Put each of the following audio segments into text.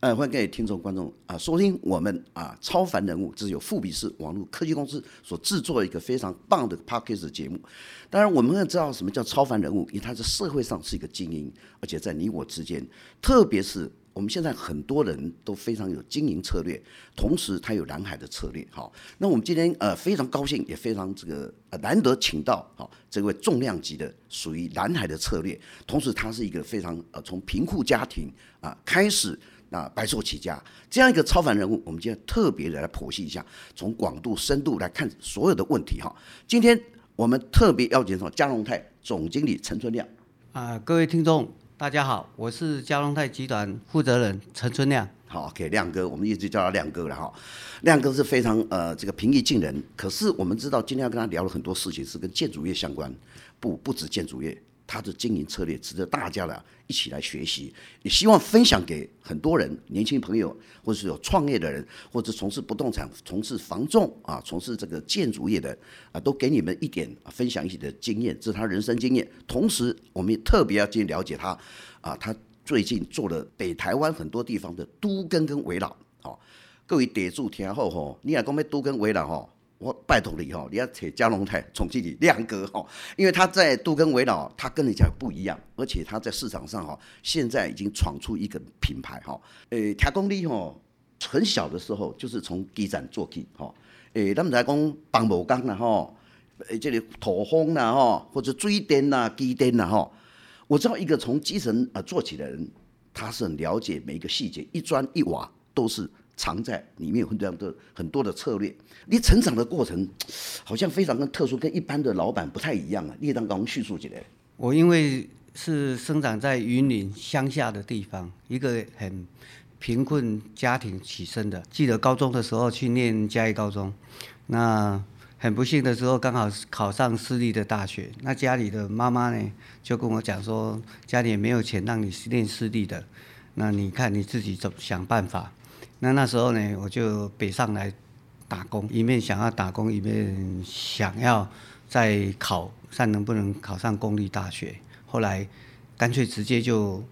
呃，歡迎各位聽眾、觀眾啊，收、呃、聽我們啊、呃、超凡人物，這是由富比士網絡科技公司所制作一個非常棒的 Podcast 節目。當然，我們也知道什麼叫超凡人物，因為他在社會上是一個精英，而且在你我之間，特別是我們現在很多人都非常有經營策略，同時他有藍海的策略。好、哦，那我們今天呃非常高興，也非常這個呃難得請到好、哦、這位重量級的，屬於藍海的策略，同時他是一個非常呃從貧苦家庭啊、呃、開始。那、啊、白手起家這樣一個超凡人物，我們今天特別的來剖析一下，從廣度、深度來看所有的問題哈。今天我們特別邀請到佳榮泰總經理陳春諒。啊、呃，各位聽眾，大家好，我是佳榮泰集團負責人陳春諒。好，OK，諒哥，我們一直叫他諒哥了哈。諒哥是非常呃這個平易近人，可是我們知道今天要跟他聊了很多事情，是跟建築業相關，不不止建築業。他的經營策略值得大家呢一起來學習，也希望分享給很多人、年輕朋友，或者是有創業的人，或者從事不動產、從事房仲啊、從事這個建築業的啊，都給你們一點分享一些的經驗，這是他人生經驗。同時，我們也特別要去了解他，啊，他最近做了北台灣很多地方的都更跟跟危老，好，各位疊住天後吼，你倆我們都更危老吼。我拜托你哈，你要請佳榮泰總經理諒哥哈，因為他在都更危老，他跟你講不一樣，而且他在市場上哈，現在已經闖出一個品牌哈。誒，聽講你哈，很小的時候就是從基層做起哈。誒，他們在講棒木工啦哈，誒，這裡土方啦哈，或者水電吶、機電吶哈。我知道一個從基層啊做起的人，他是很了解每一個細節，一磚一瓦都是。藏在裡面有很多的很多的策略。你成長的過程好像非常的特殊，跟一般的老板不太一樣啊。你當剛敘述起來，我因為是生長在雲林鄉下的地方，一個很貧困家庭起身的。記得高中的時候去念嘉義高中，那很不幸的時候剛好考上私立的大學。那家裡的媽媽呢，就跟我講說，家裡也沒有錢讓你去念私立的，那你看你自己怎麼想辦法。那那時候呢，我就北上來打工，一面想要打工，一面想要再考，看能不能考上公立大學。後來乾脆直接就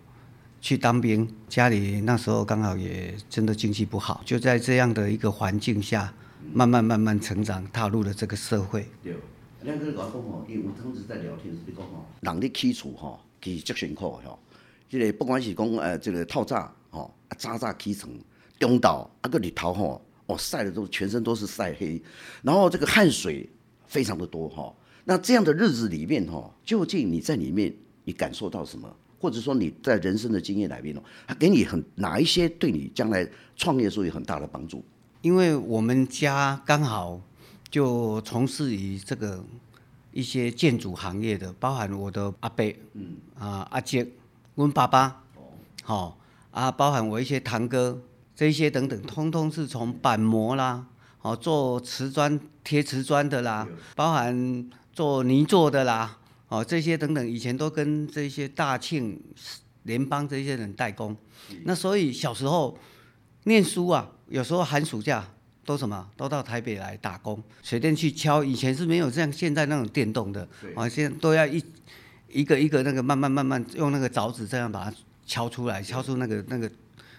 去當兵。家裡那時候剛好也真的經濟不好，就在這樣的一個環境下，慢慢慢慢成長，踏入了這個社會。對，兩個人搞不好，因為我們同時在聊天時，你講哦，人哋起厝吼，其實最辛苦吼，即個不管是講誒、呃，這個透早啊早早起床。早上早上東島阿個你逃吼，我曬、啊哦哦、的都全身都是曬黑，然後這個汗水非常的多哈、哦。那這樣的日子裡面哈、哦，究竟你在裡面你感受到什麼？或者說你在人生的經驗裡面哦，他給你很哪一些對你將來創業所有很大的幫助？因為我們家剛好就從事於這個一些建築行業的，包含我的阿伯，嗯啊阿姐我爸爸，哦啊包含我一些堂哥。這些等等，通通是從板模啦，哦，做瓷磚貼瓷磚的啦，包含做泥做的啦，哦，這些等等，以前都跟這些大慶聯邦這些人代工。那所以小時候唸書啊，有時候寒暑假都什麼，都到台北來打工，隨便去敲。以前是沒有像現在那種電動的，哦，現在都要一一個一個那個慢慢慢慢用那個鑿子這樣把它敲出來，敲出那個那個。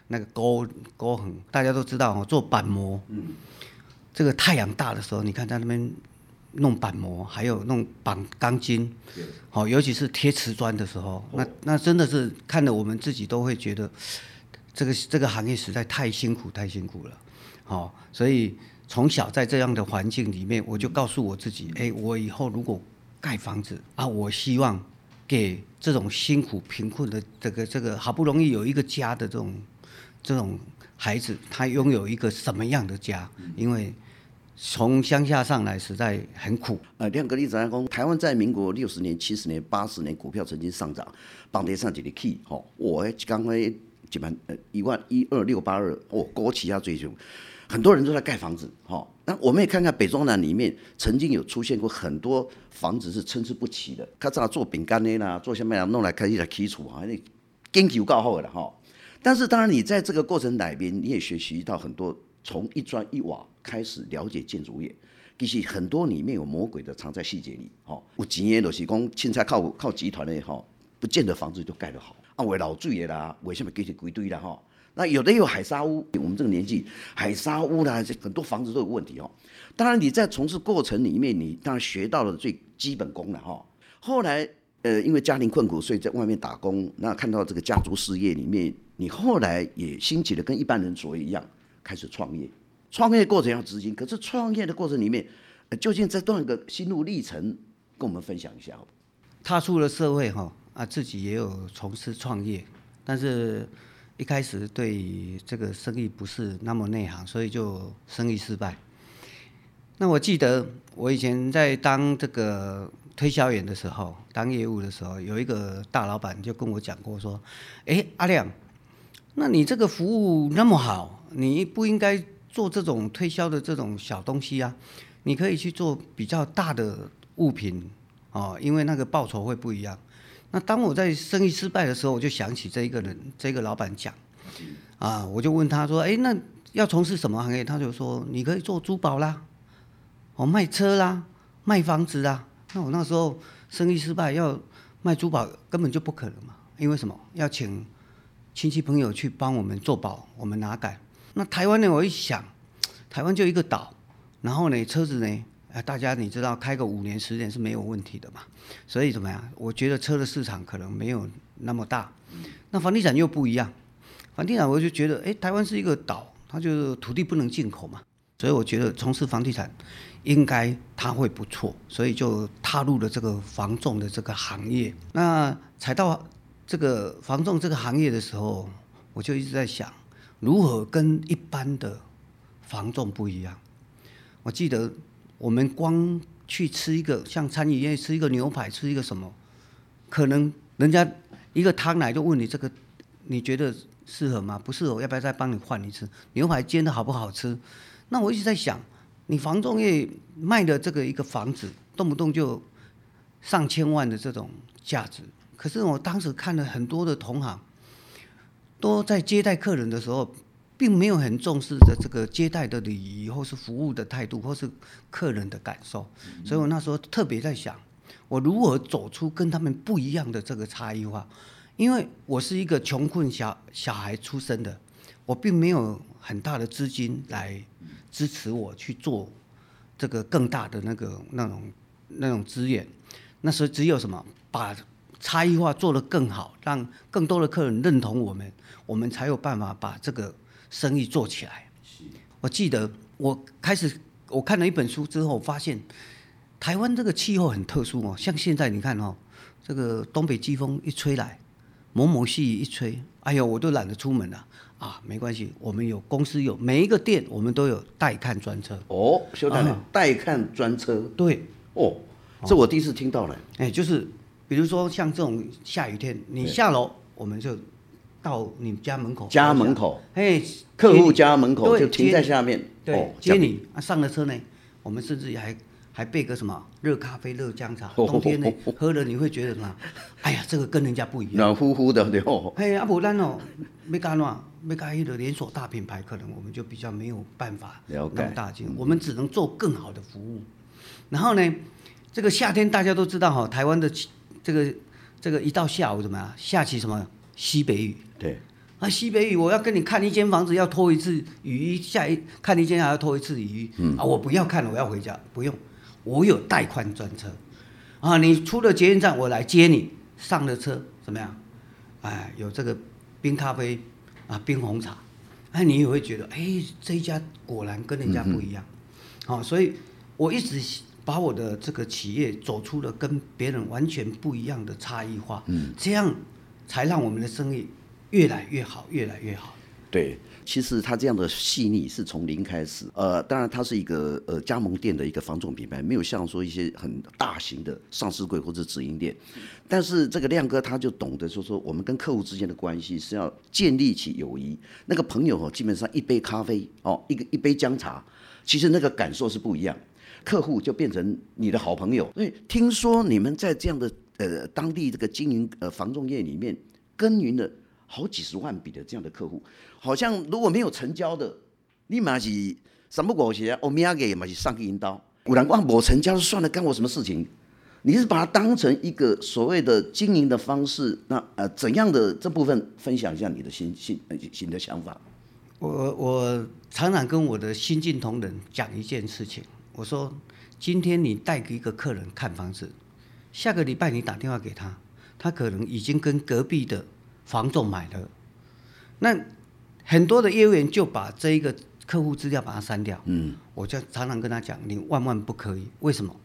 那個溝溝痕，大家都知道、哦，做板模。嗯、這個太陽大的時候，你看在那邊弄板模，還有弄綁鋼筋，嗯、哦，尤其是貼瓷磚的時候，那那真的是看得我們自己都會覺得，這個這個行業實在太辛苦，太辛苦了。哦。所以從小在這樣的環境裡面，我就告訴我自己，哎、欸，我以後如果蓋房子啊，我希望給這種辛苦、貧困的這個這個好不容易有一個家的這種。這種孩子，他擁有一個什麼樣的家？嗯、因為從鄉下上來實在很苦。呃，兩個例子來講，台灣在民國六十年、七十年、八十年，年，股票曾經上漲，綁定上幾的 K，哈，我剛才幾萬，呃，一萬一二六八二，哦，國企要追求，很多人都在蓋房子，哈、哦。那我們也看看北中南裡面，曾經有出現過很多房子是參差不齊的，他在做餅乾呢，啦，做什麼啊，弄來開始來起厝啊，那建築夠好了。哈。但是當然，你在這個過程裡面，你也學習到很多，從一磚一瓦開始了解建築業。其實很多裡面有魔鬼的藏在細節裡，吼、哦，有錢的都是講，現在靠靠集團的好、哦，不見得房子都蓋得好。啊，我老住的啦，為什麼給你一堆啦，吼、哦？那有的有海砂屋，我們這個年紀，海砂屋啦，很多房子都有問題，哦，當然你在從事過程裡面，你當然學到了最基本功了，吼、哦。後來，呃，因為家庭困苦，所以在外面打工，那看到這個家族事業裡面。你後來也興起了跟一般人所一樣，開始創業。創業過程要資金，可是創業的過程裡面，究竟這段的心路歷程，跟我們分享一下。踏出了社會哈啊，自己也有從事創業，但是一開始對於這個生意不是那麼內行，所以就生意失敗。那我記得我以前在當這個推銷員的時候，當業務的時候，有一個大老闆就跟我講過說：“哎，阿亮。”那你這個服務那麼好，你不應該做這種推銷的這種小東西啊？你可以去做比較大的物品哦，因為那個報酬會不一樣。那當我在生意失敗的時候，我就想起這一個人，這個老闆講啊，我就問他說：“誒，那要從事什麼行業？”他就說：“你可以做珠寶啦，哦，賣車啦，賣房子啦。”那我那時候生意失敗，要賣珠寶根本就不可能嘛，因為什麼？要請。親戚朋友去幫我們做保，我們哪敢？那台灣呢？我一想，台灣就一個島，然後呢，車子呢，大家你知道開個五年十年是沒有問題的嘛，所以怎麼樣？我覺得車的市場可能沒有那麼大。那房地產又不一樣，房地產我就覺得，哎、欸，台灣是一個島，它就是土地不能進口嘛，所以我覺得從事房地產應該它會不錯，所以就踏入了這個房仲的這個行業。那踩到。這個房仲這個行業的時候，我就一直在想，如何跟一般的房仲不一樣。我記得我們光去吃一個像餐飲業吃一個牛排，吃一個什麼，可能人家一個湯來就問你這個你覺得適合嗎？不適合，要不要再幫你換一次？牛排煎得好不好吃？那我一直在想，你房仲業賣的這個一個房子，動不動就上千萬的這種價值。可是我當時看了很多的同行，都在接待客人的時候，並沒有很重視的這個接待的禮儀，或是服務的態度，或是客人的感受。嗯嗯，所以我那時候特別在想，我如何走出跟他們不一樣的這個差異化？因為我是一個窮困小小孩出身的，我並沒有很大的資金來支持我去做這個更大的那個那種那種資源。那時候只有什麼把。差異化做得更好，讓更多的客人認同我們，我們才有辦法把這個生意做起來。是我記得我開始我看了一本書之後，發現台灣這個氣候很特殊哦。像現在你看哦，這個東北季風一吹來，濛濛細雨一吹，哎呦，我都懶得出門了、啊。啊，沒關係，我們有公司有每一個店，我們都有帶、哦啊、看專車。哦，修太太，帶看專車。對，哦，這我第一次聽到了、哦。哎，就是。比如說像這種下雨天，你下樓，對我們就到你家門口，家門口，嘿，客戶家門口就停在下面，對，喔、接你。啊，上了車呢，我們甚至還還備個什麼熱咖啡、熱薑茶，哦、冬天呢、哦哦、喝了你會覺得什麼？哎呀，這個跟人家不一樣，暖乎乎的，對哦。哎，啊，不然哦、喔，要幹話，要幹一個連鎖大品牌，可能我們就比較沒有辦法那麼大，了解，我們只能做更好的服務。然後呢，這個夏天大家都知道哈、喔，台灣的。這個，這個一到下午怎麼樣？下起什麼西北雨？對，啊西北雨，我要跟你看一間房子，要脫一次雨衣，下一看一間還要脫一次雨衣，嗯哼啊，我不要看了，我要回家，不用，我有帶寬專車，啊，你出了捷運站，我來接你，上了車怎麼樣？哎，有這個冰咖啡，啊冰紅茶，哎、啊、你也會覺得，哎這一家果然跟人家不一樣，啊、嗯哼哦。所以我一直。把我的這個企業走出了跟別人完全不一樣的差異化，嗯，這樣才讓我們的生意越來越好，越來越好。對，其實他這樣的細膩是從零開始。呃，當然它是一個呃加盟店的一個房仲品牌，沒有像說一些很大型的上市櫃或者直營店。嗯、但是這個亮哥他就懂得說說我們跟客戶之間的關係是要建立起友誼。那個朋友哦，基本上一杯咖啡哦，一個一杯薑茶，其實那個感受是不一樣。客戶就變成你的好朋友。所以聽說你們在這樣的呃當地這個經營呃房仲業裡面耕耘了好幾十萬筆的這樣的客戶，好像如果沒有成交的，立馬是什麼果些歐米茄也馬上上個銀刀。我難怪沒成交就算了，干我什麼事情？你是把它當成一個所謂的經營的方式？那呃怎樣的這部分分享一下你的新新新的想法？我我常常跟我的新進同仁講一件事情。我說：“今天你帶一個客人看房子，下個禮拜你打電話給他，他可能已經跟隔壁的房仲買了。那很多的業務員就把這一個客戶資料把它刪掉。嗯，我就常常跟他講，你萬萬不可以。為什麼？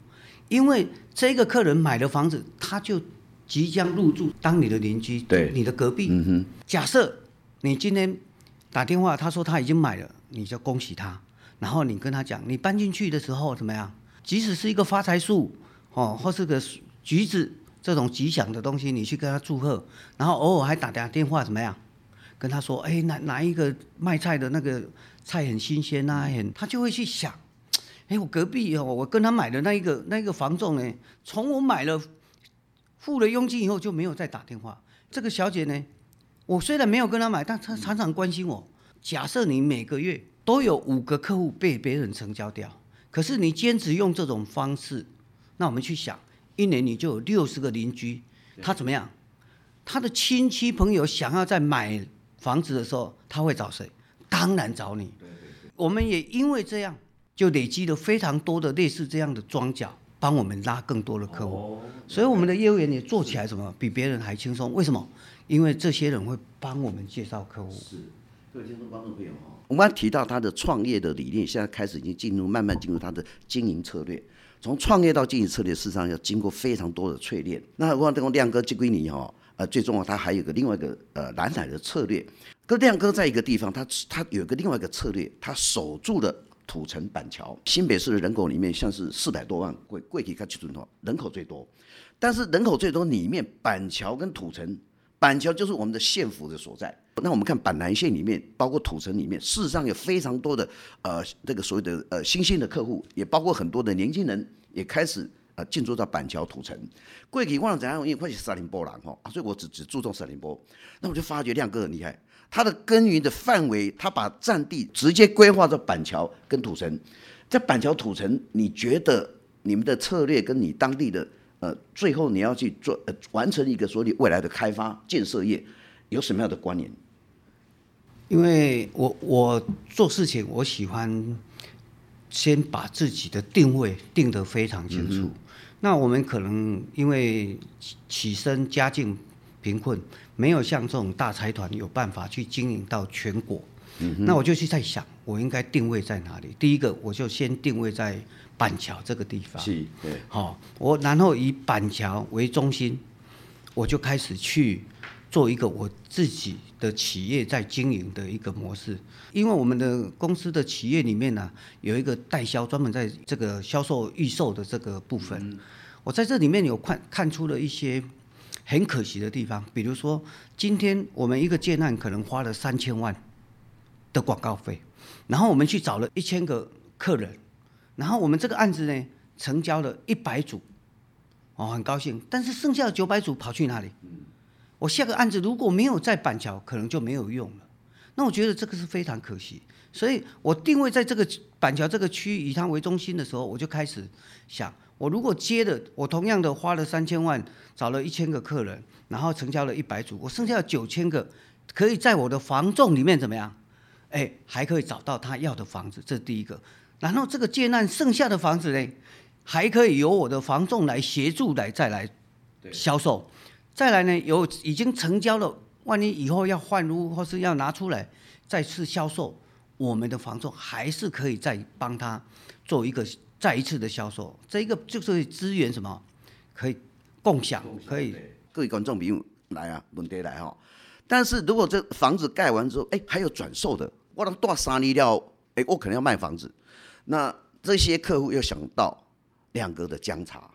因為這個客人買了房子，他就即將入住，當你的鄰居，對，你的隔壁。嗯哼，假設你今天打電話，他說他已經買了，你就恭喜他。”然後你跟他講，你搬進去的時候怎麼樣？即使是一個發財樹，哦，或是個橘子這種吉祥的東西，你去跟他祝賀。然後偶爾還打打電話怎麼樣？跟他說，哎，哪哪一個賣菜的那個菜很新鮮啊，很……他就會去想，哎，我隔壁哦，我跟他買的那一個那一個房仲呢，從我買了付了佣金以後就沒有再打電話。這個小姐呢，我雖然沒有跟他買，但他常常關心我。嗯。假設你每個月。都有五個客戶被別人成交掉，可是你堅持用這種方式，那我們去想，一年你就有六十個鄰居，對他怎麼樣？他的親戚朋友想要在買房子的時候，他會找誰？當然找你。對對對。我們也因為這樣，就累積了非常多的類似這樣的樁腳，幫我們拉更多的客戶。Oh, yeah. 所以我們的業務員也做起來什麼，是比別人還輕鬆。為什麼？因為這些人會幫我們介紹客戶。是。各位聽眾、觀眾朋友哈，我們剛提到他的創業的理念，現在開始已經進入慢慢進入他的經營策略。從創業到經營策略，事實上要經過非常多的淬煉。那我講亮哥寄歸你哈，呃，最重要他還有個另外一個呃藍海的策略。跟亮哥在一個地方，他他有個另外一個策略，他守住了土城、板橋、新北市的人口裡面，像是四百多萬桂桂北區的多人口最多，但是人口最多裡面，板橋跟土城，板橋就是我們的縣府的所在。那我們看板南線裡面，包括土城裡面，事實上有非常多的呃，這個所謂的呃新興的客戶，也包括很多的年輕人也開始呃進駐到板橋土城。貴企忘了怎樣回應，快寫三重埔人啦哈！所以我只只注重三重埔。那我就發覺亮哥很厲害，他的耕耘的範圍，他把占地直接規劃在板橋跟土城。在板橋土城，你覺得你們的策略跟你當地的呃，最後你要去做、呃、完成一個所謂未來的開發建設業？有什麼樣的觀念？因為我我做事情，我喜歡先把自己的定位定得非常清楚。嗯、哼那我們可能因為起身家境貧困，沒有像這種大財團有辦法去經營到全國。嗯、哼那我就是在想，我應該定位在哪裡？第一個，我就先定位在板橋這個地方。是，對。好，我然後以板橋為中心，我就開始去。做一個我自己的企業在經營的一個模式，因為我們的公司的企業裡面呢、啊，有一個代銷，專門在這個銷售預售的這個部分。我在這裡面有看看出了一些很可惜的地方，比如說今天我們一個建案可能花了三千萬的廣告費，然後我們去找了一千個客人，然後我們這個案子呢成交了一百組、哦，我很高興，但是剩下的九百組跑去哪裡？我下個案子如果沒有在板橋，可能就沒有用了。那我覺得這個是非常可惜，所以我定位在這個板橋這個區域以它為中心的時候，我就開始想，我如果接的，我同樣的花了三千萬，找了一千個客人，然後成交了一百組，我剩下九千個可以在我的房仲裡面怎麼樣？哎、欸，還可以找到他要的房子，這是第一個。然後這個接案剩下的房子呢，還可以由我的房仲來協助來再來銷售。再來呢，有已經成交了，萬一以後要換屋或是要拿出來再次銷售，我們的房仲還是可以再幫他做一個再一次的銷售。這個就是資源什麼，可以共享，可以各位觀眾朋友來啊，本地來哈、啊。但是如果這房子蓋完之後，哎、欸，還有轉售的，我那大沙泥料，哎、欸，我可能要賣房子，那這些客戶又想到亮哥的薑茶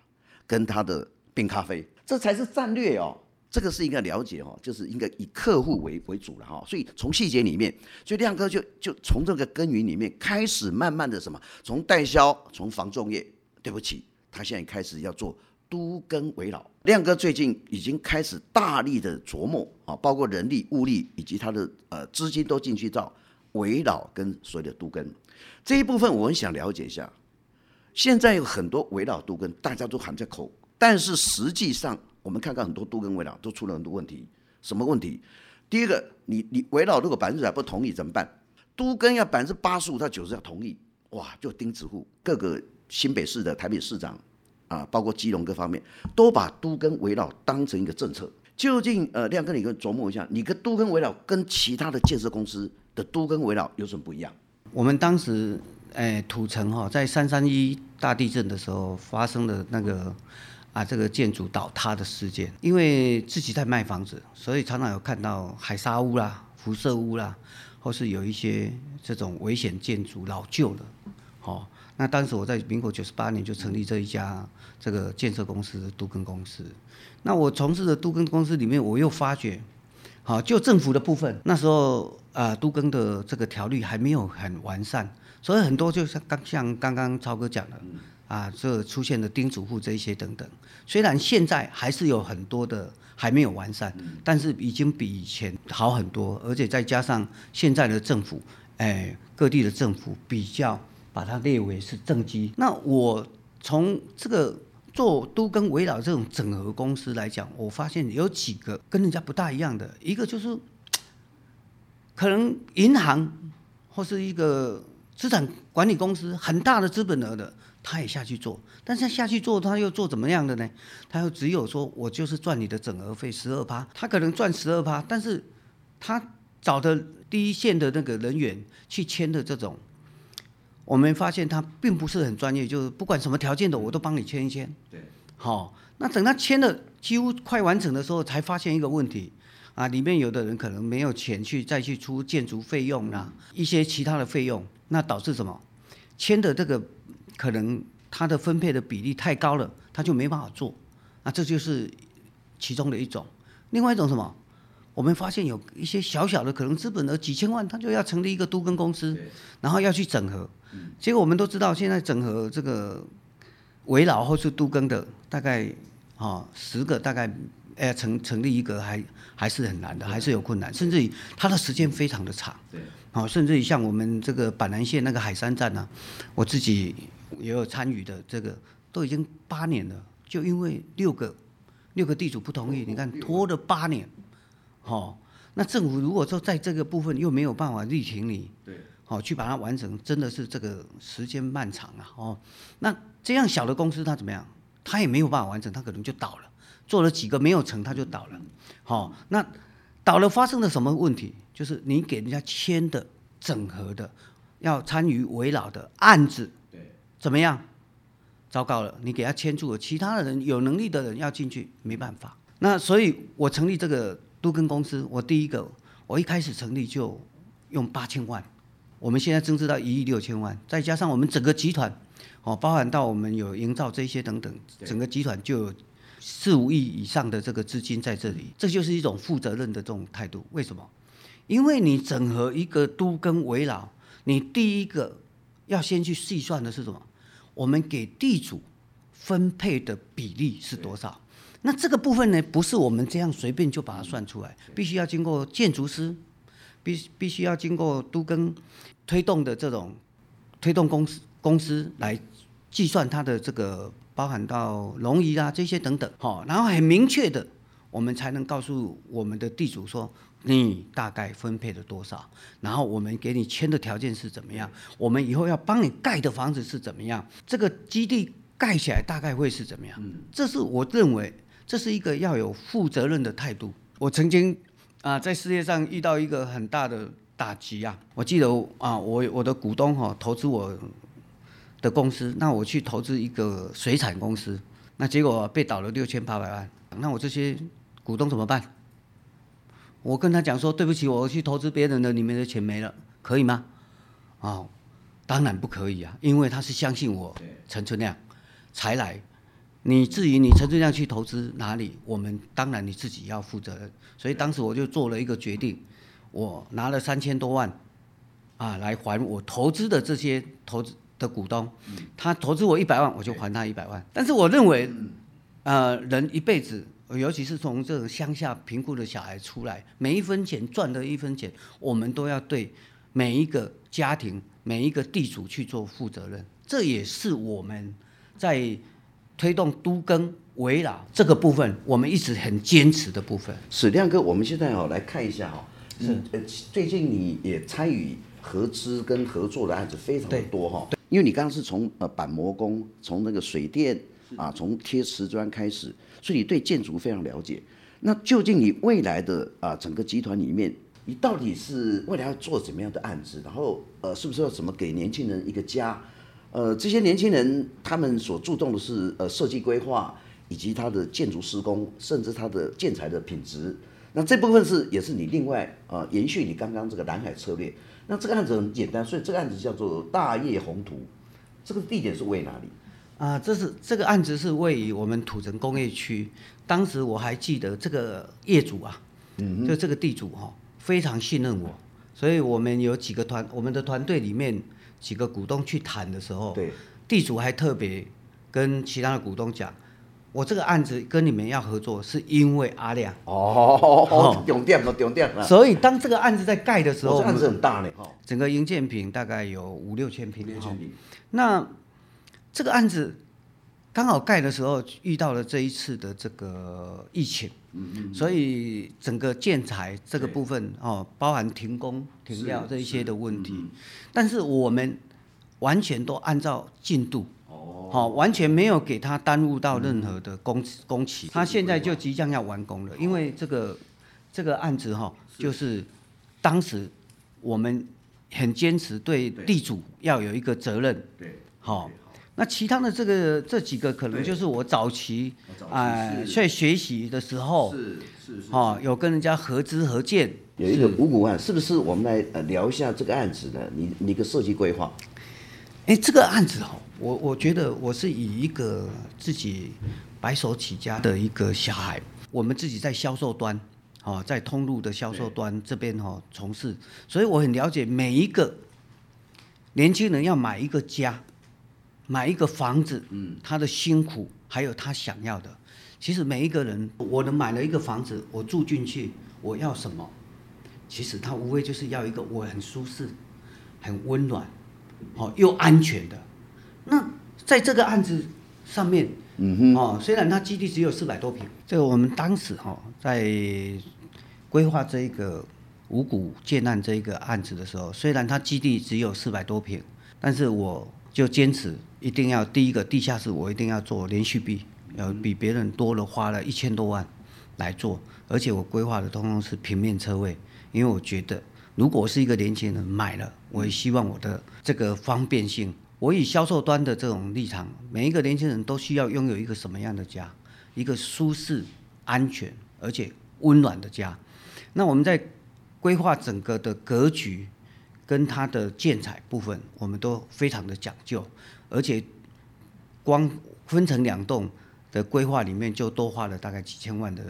跟他的冰咖啡。這才是戰略哦，這個是應該了解哦，就是應該以客戶為為主了哈、哦，所以從細節裡面，所以亮哥就就從這個耕耘裡面開始，慢慢的什麼，從代銷，從房仲業，對不起，他現在開始要做都更危老。亮哥最近已經開始大力的琢磨啊，包括人力、物力以及他的呃資金都進去到危老跟所有的都更這一部分，我們想了解一下。現在有很多危老都更，大家都喊着口。但是實際上，我們看看很多都更危老都出了很多問題。什麼問題？第一個，你你危老如果百分之百不同意怎麼辦？都更要百分之八十五到九十要同意，哇！就釘子戶，各個新北市的台北市長啊，包括基隆各方面，都把都更危老當成一個政策。究竟呃，亮哥，你跟琢磨一下，你跟都更危老跟其他的建設公司的都更危老有什麼不一樣？我們當時誒，土城哈、哦，在三三一大地震的時候發生的那個。啊，這個建築倒塌的事件，因為自己在賣房子，所以常常有看到海砂屋啦、輻射屋啦，或是有一些這種危險建築老舊的。哦，那當時我在民國九十八年就成立這一家這個建設公司的都更公司。那我從事的都更公司裡面，我又發覺，好、哦，就政府的部分，那時候啊，都更的這個條例還沒有很完善，所以很多就像剛像剛剛超哥講的。啊，這出現的釘子戶、這一些等等，雖然現在還是有很多的還沒有完善，嗯、但是已經比以前好很多，而且再加上現在的政府，哎，各地的政府比較把它列為是政績。嗯、那我從這個做都更危老這種整合公司來講，我發現有幾個跟人家不大一樣的，一個就是可能銀行或是一個資產管理公司很大的資本額的。他也下去做，但是下去做，他又做怎麼樣的呢？他又只有說我就是賺你的整合費十二趴，他可能賺十二趴，但是，他找的第一線的那個人員去簽的這種，我們發現他並不是很專業，就是不管什麼條件的我都幫你簽一簽。對，好，那等他簽的幾乎快完成的時候，才發現一個問題，啊，裡面有的人可能沒有錢去再去出建築費用啊，一些其他的費用，那導致什麼？簽的這個。可能它的分配的比例太高了，它就沒辦法做。那這就是其中的一種。另外一種什麼？我們發現有一些小小的，可能資本額幾千萬，它就要成立一個都更公司，對然後要去整合。結果我們都知道，現在整合這個危老或是都更的，大概啊十、哦、個，大概哎、呃、成成立一個還還是很難的，還是有困難，甚至於它的時間非常的長。對，好、哦，甚至於像我們這個板南線那個海山站呢、啊，我自己。也有參與的，這個都已經八年了，就因為六個六個地主不同意，你看拖了八年，好、哦，那政府如果說在這個部分又沒有辦法力挺你，對、哦，好去把它完成，真的是這個時間漫長啊，哦，那這樣小的公司它怎麼樣？它也沒有辦法完成，它可能就倒了。做了幾個沒有成，它就倒了，好、哦，那倒了發生了什麼問題？就是你給人家簽的整合的，要參與危老的案子。怎麼樣？糟糕了！你給他簽注了，其他的人有能力的人要進去，沒辦法。那所以，我成立這個都更公司，我第一個，我一開始成立就用八千萬，我們現在增資到一億六千萬，再加上我們整個集團，哦，包含到我們有營造這些等等，整個集團就有四五億以上的這個資金在這裡。這就是一種負責任的這種態度。為什麼？因為你整合一個都更危老，你第一個要先去細算的是什麼？我們給地主分配的比例是多少？那這個部分呢，不是我們這樣隨便就把它算出來，必須要經過建築師，必必須要經過都更推動的這種推動公司公司來計算它的這個，包含到容積啊、這些等等。好，然後很明確的。我們才能告訴我們的地主說，你大概分配了多少？然後我們給你簽的條件是怎麼樣？我們以後要幫你蓋的房子是怎麼樣？這個基地蓋起來大概會是怎麼樣？這是我認為，這是一個要有負責任的態度。我曾經啊，在事業上遇到一個很大的打擊啊！我記得啊，我我的股東哈、哦、投資我的公司，那我去投資一個水產公司，那結果、啊、被倒了六千八百萬。那我這些。股東怎麼辦？我跟他講說：“對不起，我去投資別人的，你們的錢沒了，可以嗎？”啊、哦，當然不可以啊，因為他是相信我，陳春諒才來。你至於你陳春諒去投資哪裡，我們當然你自己要負責任。所以當時我就做了一個決定，我拿了三千多萬啊來還我投資的這些投資的股東。他投資我一百萬，我就還他一百萬。但是我認為，呃，人一輩子。尤其是從這個鄉下貧困的小孩出來，每一分錢賺的一分錢，我們都要對每一個家庭、每一個地主去做負責任。這也是我們在推動都更、危老這個部分，我們一直很堅持的部分。是，諒哥，我們現在哦來看一下哈、哦，是、嗯、最近你也參與合資跟合作的案子非常多哈、哦，因為你剛剛是從呃板模工，從那個水電。啊，從貼瓷磚開始，所以你對建築非常了解。那究竟你未來的啊整個集團裡面，你到底是未來要做什麼樣的案子？然後呃，是不是要怎麼給年輕人一個家？呃，這些年輕人他們所注重的是呃設計規劃，以及他的建築施工，甚至他的建材的品質。那這部分是也是你另外呃，延續你剛剛這個藍海策略。那這個案子很簡單，所以這個案子叫做大業宏圖。這個地點是為哪裡？啊，這是這個案子是位於我們土城工業區。當時我還記得這個業主啊，就這個地主哈、哦，非常信任我，所以我們有幾個團，我們的團隊裡面幾個股東去談的時候，對地主還特別跟其他的股東講，我這個案子跟你們要合作，是因為阿亮。哦，哦，重點了、哦，重點了。所以當這個案子在蓋的時候，哦、這個案子很大嘞，整個營建坪大概有五六千坪。五六千坪，哦、那。這個案子剛好蓋的時候遇到了這一次的這個疫情，嗯嗯、所以整個建材，這個部分對哦，包含停工、停料這一些的問題，是是嗯、但是我們完全都按照進度，哦，好、哦，完全沒有給他耽誤到任何的工、嗯、工期，他現在就即將要完工了，對因為這個、嗯、這個案子哈、哦，是就是當時我們很堅持對地主要有一個責任，對，好。那其他的這個這幾個可能就是我早期啊，在、呃、學習的時候，是是哈、哦、有跟人家合資合建有一個五股案，是，是不是？我們來呃聊一下這個案子呢？你你的設計規劃？哎、欸，這個案子哦，我我覺得我是以一個自己白手起家的一個小孩，我們自己在銷售端啊、哦，在通路的銷售端這邊哈、哦、對從事，所以我很了解每一個年輕人要買一個家。買一個房子，嗯，他的辛苦，還有他想要的，其實每一個人，我能買了一個房子，我住進去，我要什麼？其實他無非就是要一個我很舒適、很溫暖、好、哦、又安全的。那在這個案子上面，嗯哼，哦，雖然他基地只有四百多坪，這個、嗯、哼我們當時哈、哦、在規劃這一個五股建案這一個案子的時候，雖然他基地只有四百多坪，但是我就堅持。一定要第一個地下室，我一定要做連續壁，要比別人多了花了一千多萬來做，而且我規劃的通通是平面車位，因為我覺得如果是一個年輕人買了，我也希望我的這個方便性。我以銷售端的這種立場，每一個年輕人都需要擁有一個什麼樣的家？一個舒適、安全而且溫暖的家。那我們在規劃整個的格局。跟它的建材部分，我們都非常的講究，而且光分成兩棟的規劃裡面，就多花了大概幾千萬的，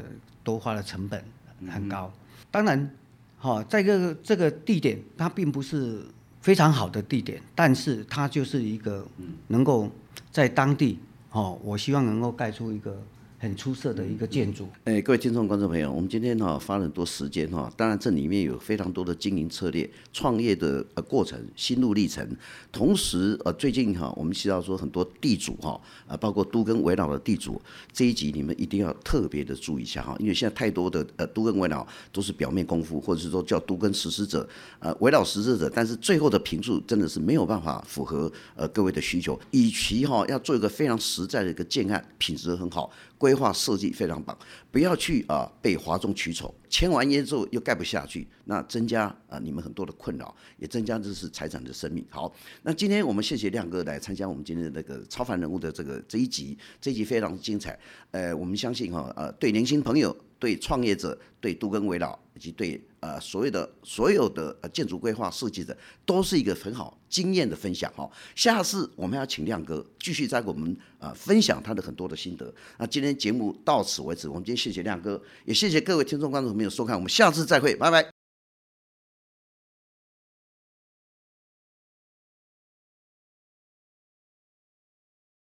多花了成本很高。嗯、當然，哈、哦，在這個這個地點，它並不是非常好的地點，但是它就是一個能夠在當地，哈、哦，我希望能夠蓋出一個。很出色的一個建築。哎、嗯嗯欸，各位聽眾、觀眾朋友，我們今天哈、啊、花了很多時間哈、啊，當然這裡面有非常多的經營策略、創業的呃過程、心路歷程。同時呃，最近哈、啊、我們需要說很多地主哈啊，包括都更危老的地主這一集，你們一定要特別的注意一下哈、啊，因為現在太多的呃都更危老都是表面功夫，或者是說叫都更實施者呃危老實施者，但是最後的評述真的是沒有辦法符合呃各位的需求，以及哈、啊、要做一個非常實在的一個建案，品質很好規。規劃設計非常棒，不要去啊、呃、被譁眾取寵，簽完約之後又蓋不下去，那增加啊、呃、你們很多的困擾，也增加這是財產的生命。好，那今天我們謝謝亮哥來參加我們今天的這個超凡人物的這個這一集，這一集非常精彩。呃，我們相信哈呃對年輕朋友。對創業者、對都更危老以及對呃所有的所有的、呃、建築規劃設計者，都是一個很好經驗的分享哈、哦。下次我們要請亮哥繼續再給我們啊、呃、分享他的很多的心得。那今天節目到此為止，我們今天謝謝亮哥，也謝謝各位聽眾觀眾朋友收看，我們下次再會，拜拜。